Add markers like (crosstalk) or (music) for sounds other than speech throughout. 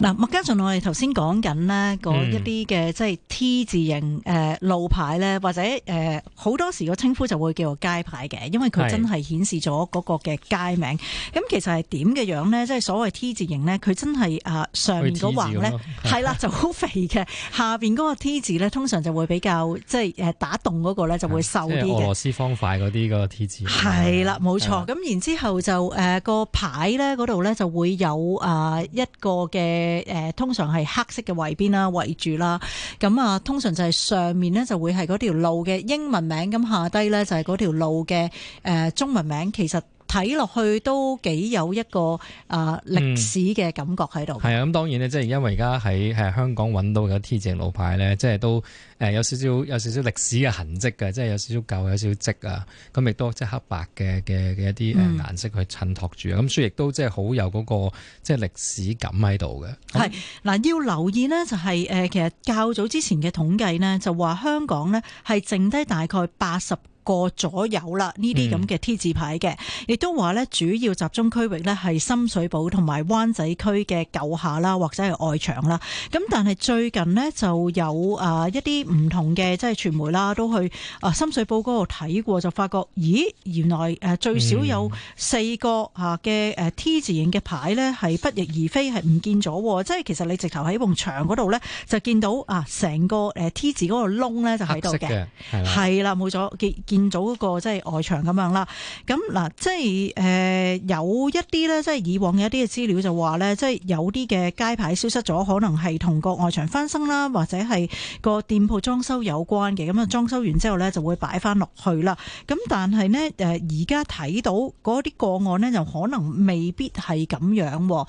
嗱，麥嘉俊，我哋頭先講緊呢嗰一啲嘅即係 T 字形誒路牌咧、嗯，或者誒好多時個稱呼就會叫做街牌嘅，因為佢真係顯示咗嗰個嘅街名。咁其實係點嘅樣咧？即係所謂 T 字形咧，佢真係啊上面嗰橫咧，係啦就好肥嘅， (laughs) 下面嗰個 T 字咧，通常就會比較即係打洞嗰個咧就會瘦啲嘅。俄羅斯方塊嗰啲個 T 字係啦，冇錯。咁然之後就誒個、啊、牌咧嗰度咧就會有啊一個嘅。誒誒通常係黑色嘅圍邊啦，圍住啦，咁啊，通常就係上面咧就會係嗰條路嘅英文名，咁下低咧就係嗰條路嘅誒中文名，其實。睇落去都幾有一個啊歷史嘅感覺喺、嗯、度。係啊，咁當然咧，即係因為而家喺誒香港揾到嘅 T 字路牌咧，即係都誒有少少有少少歷史嘅痕跡嘅，即係有少少舊有少少跡啊。咁亦都即係黑白嘅嘅嘅一啲誒顏色去襯托住啊。咁、嗯、所以亦都即係好有嗰個即係歷史感喺度嘅。係嗱，要留意呢就係、是、誒其實較早之前嘅統計呢，就話香港呢係剩低大概八十，個咗右啦，呢啲咁嘅 T 字牌嘅，亦都話咧，主要集中區域咧係深水埗同埋灣仔區嘅舊下啦，或者係外牆啦。咁但係最近呢就有啊一啲唔同嘅即係傳媒啦，都去啊深水埗嗰度睇過，就發覺咦，原來誒最少有四個嘅誒 T 字形嘅牌咧係不翼而飛，係唔見咗。即係其實你直頭喺埲牆嗰度咧，就見到啊成個誒 T 字嗰個窿咧就喺度嘅，係啦，冇咗嘅。見到個即係外牆咁樣啦，咁嗱即係誒有一啲咧，即係以往有一啲嘅資料就話咧，即係有啲嘅街牌消失咗，可能係同個外牆翻新啦，或者係個店鋪裝修有關嘅。咁啊，裝修完之後咧就會擺翻落去啦。咁但係咧誒而家睇到嗰啲個案咧，就可能未必係咁樣，嗱，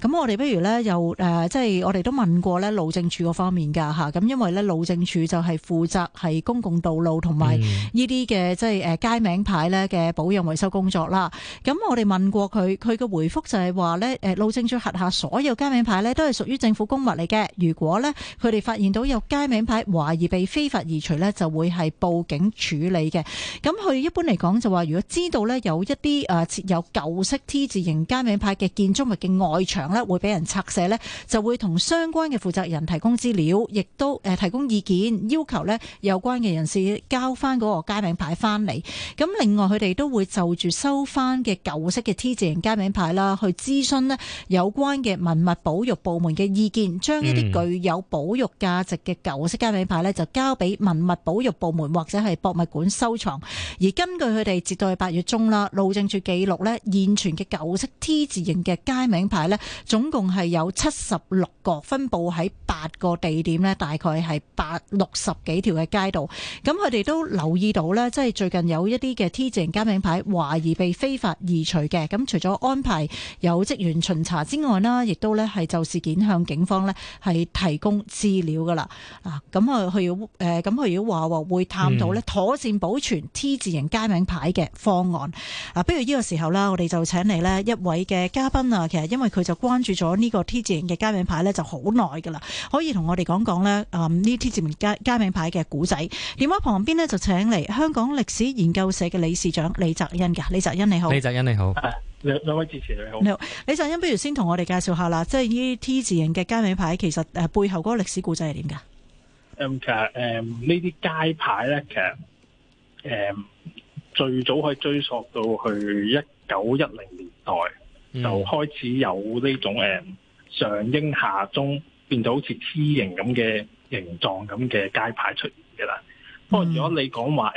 咁我哋不如咧又誒即係我哋都問過咧路政署嗰方面噶吓，咁因為咧路政署就係負責係公共道路同埋呢啲。嘅即係誒，街名牌咧嘅保養維修工作啦，咁我哋問過佢，佢嘅回覆就係話咧誒，路政署轄下所有街名牌咧都係屬於政府公物嚟嘅。如果咧佢哋發現到有街名牌懷疑被非法移除咧，就會係報警處理嘅。咁佢一般嚟講就話如果知道咧有一啲誒設有舊式 T 字型街名牌嘅建築物嘅外牆咧會俾人拆卸咧，就會同相關嘅負責人提供資料，亦都誒提供意見要求咧有關嘅人士交翻嗰個街名。名牌翻嚟，咁另外佢哋都會就住收翻嘅舊式嘅 T 字型街名牌啦，去諮詢咧有關嘅文物保育部門嘅意見，將一啲具有保育價值嘅舊式街名牌咧，就交俾文物保育部門或者係博物館收藏。而根據佢哋截至八月中啦，路政署記錄咧現存嘅舊式 T 字型嘅街名牌咧，總共係有七十六個，分佈喺八個地點咧，大概係百六十幾條嘅街道。咁佢哋都留意到咧。即係最近有一啲嘅 T 字型街名牌懷疑被非法移除嘅，咁除咗安排有職員巡查之外啦，亦都呢係就事件向警方呢係提供資料噶啦。啊，咁啊，佢要誒，咁佢要話話會探討咧妥善保存 T 字型街名牌嘅方案。嗯、啊，不如呢個時候啦，我哋就請嚟咧一位嘅嘉賓啊，其實因為佢就關注咗呢個 T 字型嘅街名牌呢就好耐噶啦，可以同我哋講講呢啊呢 T 字型街街名牌嘅古仔。電話旁邊呢就請嚟香。香港歷史研究社嘅理事長李澤恩㗎。李澤恩你好，李澤恩你好，兩位主持你好，你好，李澤恩，不如先同我哋介紹下啦，即係呢 T 字型嘅街尾牌，其實誒，背後嗰個歷史故仔係點㗎？咁其實誒呢啲街牌咧，其實誒、嗯嗯、最早可以追溯到去一九一零年代就開始有呢種誒、嗯、上英下中變到好似 T 型的形咁嘅形狀咁嘅街牌出現嘅啦。不、嗯、過，如果你講話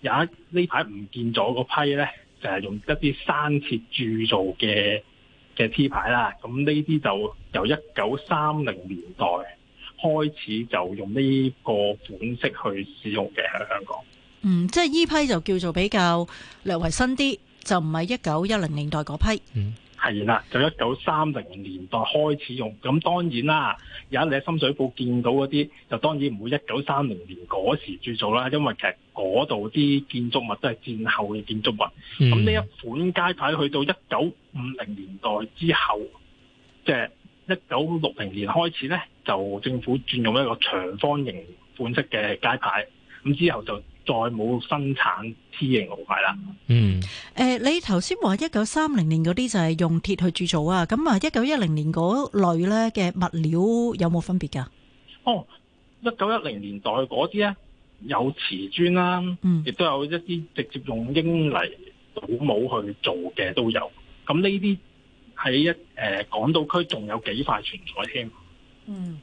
有一呢排唔見咗嗰批咧，就係、是、用一啲生鐵鑄造嘅嘅 T 牌啦。咁呢啲就由一九三零年代開始就用呢個款式去使用嘅喺香港。嗯，即係呢批就叫做比較略為新啲，就唔係一九一零年代嗰批。嗯。係啦，就一九三零年代開始用，咁當然啦，有一你喺深水埗見到嗰啲，就當然唔會一九三零年嗰時鑄造啦，因為其實嗰度啲建築物都係戰後嘅建築物。咁呢一款街牌去到一九五零年代之後，即係一九六零年開始呢，就政府轉用一個長方形款式嘅街牌，咁之後就。再冇生產 T 型號牌啦。嗯，誒，你頭先話一九三零年嗰啲就係用鐵去鑄造啊咁啊一九一零年嗰類咧嘅物料有冇分別㗎？哦，一九一零年代嗰啲咧有瓷磚啦，嗯，亦都有一啲直接用英泥土母去做嘅都有。咁呢啲喺一誒港島區仲有幾塊存在添。嗯，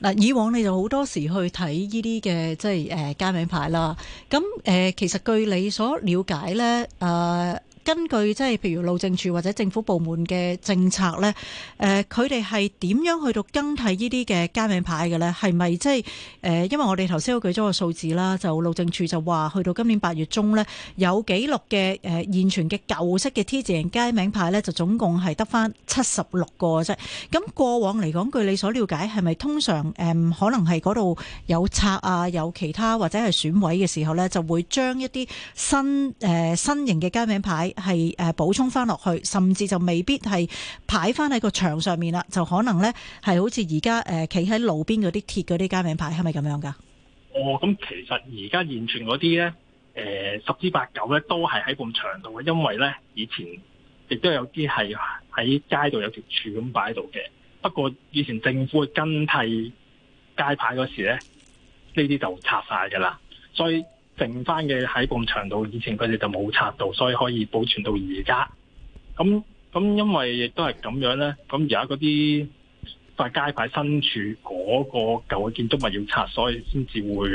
嗱，以往你就好多時去睇依啲嘅即係誒街名牌啦，咁、呃、其實據你所了解咧，呃根據即係譬如路政署或者政府部門嘅政策咧，誒佢哋係點樣去到更替呢啲嘅街名牌嘅咧？係咪即係誒？因為我哋頭先都舉咗個數字啦，就路政署就話去到今年八月中咧，有記錄嘅誒、呃、現存嘅舊式嘅 T 字型街名牌咧，就總共係得翻七十六個啫。咁過往嚟講，據你所了解，係咪通常誒、呃、可能係嗰度有拆啊，有其他或者係損毀嘅時候咧，就會將一啲新誒、呃、新型嘅街名牌？係誒補充翻落去，甚至就未必係擺翻喺個牆上面啦，就可能咧係好似而家誒企喺路邊嗰啲鐵嗰啲街名牌，係咪咁樣噶？哦，咁其實而家現存嗰啲咧，誒、呃、十之八九咧都係喺個牆度，因為咧以前亦都有啲係喺街度有條柱咁擺喺度嘅。不過以前政府嘅更替街牌嗰時咧，呢啲就拆晒噶啦，所以。剩翻嘅喺咁長度，以前佢哋就冇拆到，所以可以保存到而家。咁咁因為亦都係咁樣呢，咁而家嗰啲塊街牌身處嗰個舊嘅建築物要拆，所以先至會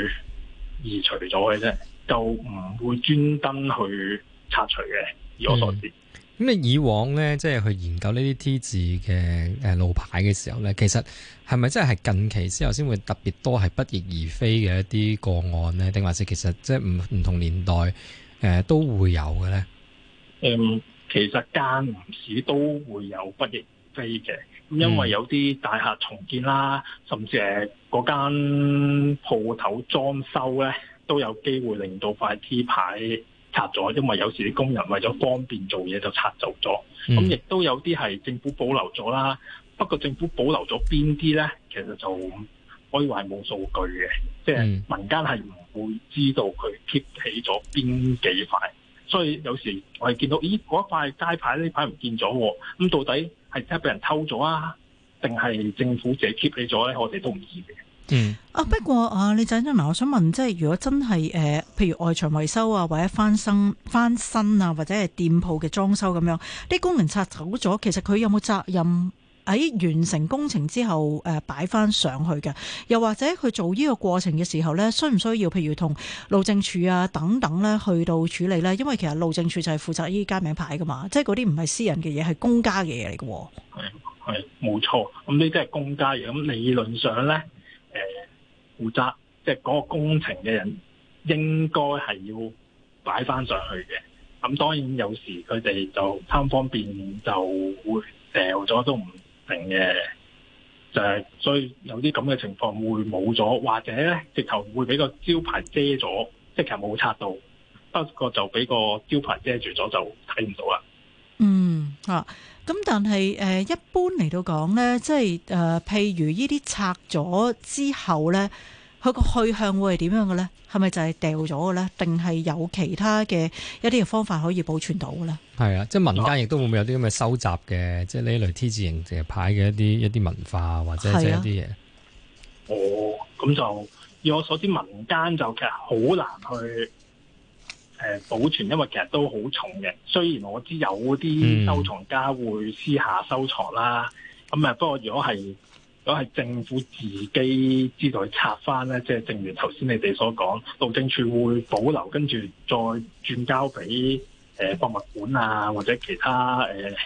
移除咗嘅啫，就唔會專登去拆除嘅。以我所知。嗯咁你以往咧，即係去研究呢啲 T 字嘅誒路牌嘅時候咧，其實係咪真係近期之後先會特別多係不翼而飛嘅一啲個案咧？定還是其實即係唔唔同年代誒、呃、都會有嘅咧？嗯，其實間唔時都會有不翼而飛嘅，因為有啲大廈重建啦，甚至係嗰間舖頭裝修咧，都有機會令到塊 T 牌。拆咗，因為有時啲工人為咗方便做嘢就拆走咗，咁亦都有啲係政府保留咗啦。不過政府保留咗邊啲咧，其實就可以話係冇數據嘅，即係民間係唔會知道佢 keep 起咗邊幾塊。所以有時我係見到，咦，嗰塊街牌呢塊唔見咗，咁到底係真係被人偷咗啊，定係政府自己 keep 起咗咧？我哋都唔知嘅。嗯，啊，不過啊，李仔真嗱，我想問，即係如果真係誒、呃，譬如外牆維修啊，或者翻新翻新啊，或者係店鋪嘅裝修咁樣，啲工人拆走咗，其實佢有冇責任喺完成工程之後誒擺翻上去嘅？又或者佢做呢個過程嘅時候咧，需唔需要譬如同路政署啊等等咧去到處理咧？因為其實路政署就係負責呢啲街名牌噶嘛即係嗰啲唔係私人嘅嘢，係公家嘅嘢嚟嘅。係，係冇錯，咁呢啲係公家嘢，咁理論上咧。負責即係嗰個工程嘅人，應該係要擺翻上去嘅。咁當然有時佢哋就貪方便，就會掉咗都唔定嘅。就係所以有啲咁嘅情況會冇咗，或者咧直頭會俾個招牌遮咗，即係冇拆到，不過就俾個招牌遮住咗就睇唔到啦。嗯，吓、啊、咁但係誒、呃，一般嚟到講咧，即係誒、呃，譬如呢啲拆咗之後咧。佢個去向會係點樣嘅咧？係咪就係掉咗嘅咧？定係有其他嘅一啲方法可以保存到嘅咧？係啊，即係民間亦都會唔會有啲咁嘅收集嘅、啊，即係呢類 T 字型街牌嘅一啲一啲文化或者一啲嘢、啊。哦，咁就以我所知，民間就其實好難去誒、呃、保存，因為其實都好重嘅。雖然我知有啲收藏家會私下收藏啦，咁啊不過如果係。如果係政府自己知道去拆翻咧，即係正如頭先你哋所講，路政署會保留，跟住再轉交俾誒博物館啊，或者其他誒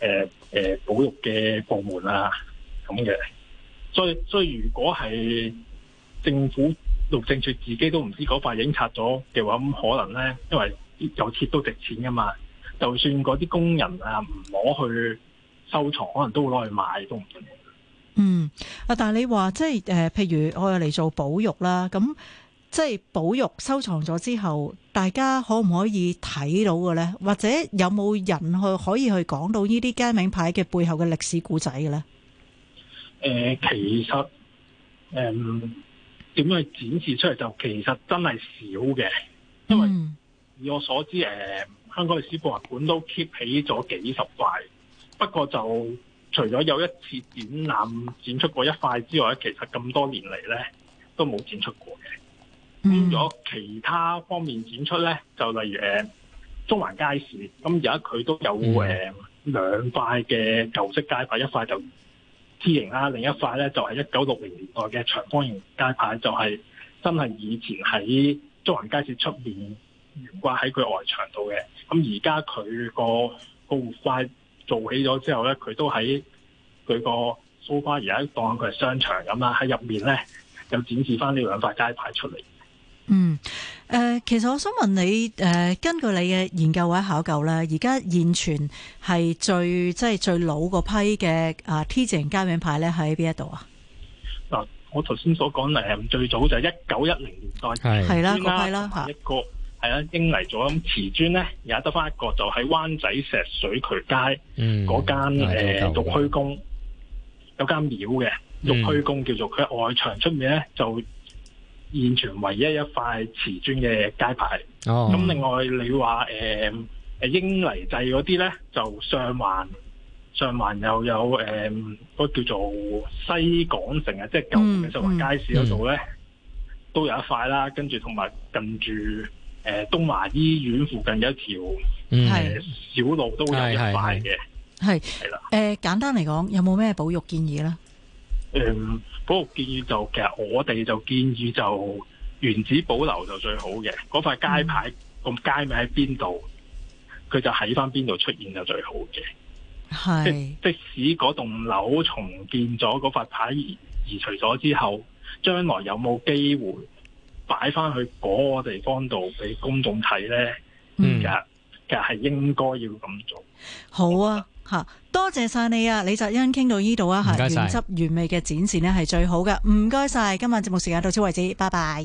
誒誒保育嘅部門啊咁嘅。所以，所以如果係政府路政署自己都唔知嗰塊已經拆咗嘅話，咁可能咧，因為有鐵都值錢噶嘛。就算嗰啲工人啊唔攞去收藏，可能都會攞去賣都唔嗯，啊，但係你話即係誒，譬如我嚟做保育啦，咁即係保育收藏咗之後，大家可唔可以睇到嘅咧？或者有冇人去可以去講到呢啲街名牌嘅背後嘅歷史故仔嘅咧？誒、呃，其實誒，點、嗯、樣去展示出嚟就其實真係少嘅，因為、嗯、以我所知，誒、呃，香港嘅歷史博物館都 keep 起咗幾十塊，不過就。除咗有一次展覽展出過一塊之外，咧，其實咁多年嚟咧，都冇展出過嘅。變咗其他方面展出咧，就例如誒、呃、中環街市，咁而家佢都有誒、呃、兩塊嘅舊式街牌，一塊就 T 形啦，另一塊咧就係一九六零年代嘅長方形街牌，就係、是、真係以前喺中環街市出面懸掛喺佢外牆度嘅。咁而家佢個個活塊。做起咗之後咧，佢都喺佢個蘇花而家當佢係商場咁啦，喺入面咧又展示翻呢兩塊街牌出嚟。嗯，誒、呃，其實我想問你誒、呃，根據你嘅研究或者考究咧，而家現存係最即係最老個批嘅啊 T 字型街名牌咧，喺邊一度啊？嗱，我頭先所講誒，最早就係一九一零年代，係啦，個批啦吓係啊，英泥咗咁，瓷磚咧而家得翻一個，就喺灣仔石水渠街嗰間誒玉虛宮，有間廟嘅玉虛宮叫做佢外牆出面咧就現存唯一一塊瓷磚嘅街牌。咁、哦、另外你話誒誒英泥製嗰啲咧就上環，上環又有誒、嗯，那個叫做西港城啊、嗯，即係舊嘅石環街市嗰度咧都有一塊啦，跟住同埋近住。誒，東華醫院附近有一條小路都有一塊嘅，係係啦。誒、呃，簡單嚟講，有冇咩保育建議咧？誒、嗯，保育建議就其實我哋就建議就原址保留就最好嘅。嗰塊街牌個、嗯、街名喺邊度，佢就喺翻邊度出現就最好嘅。係，即使嗰棟樓重建咗，嗰塊牌移移除咗之後，將來有冇機會？擺翻去嗰個地方度俾公眾睇呢，嗯噶，其實係應該要咁做。好啊，吓、嗯、多謝晒你啊，李澤恩傾到呢度啊，吓，原汁原味嘅展示呢係最好嘅。唔該晒，今晚節目時間到此為止，拜拜。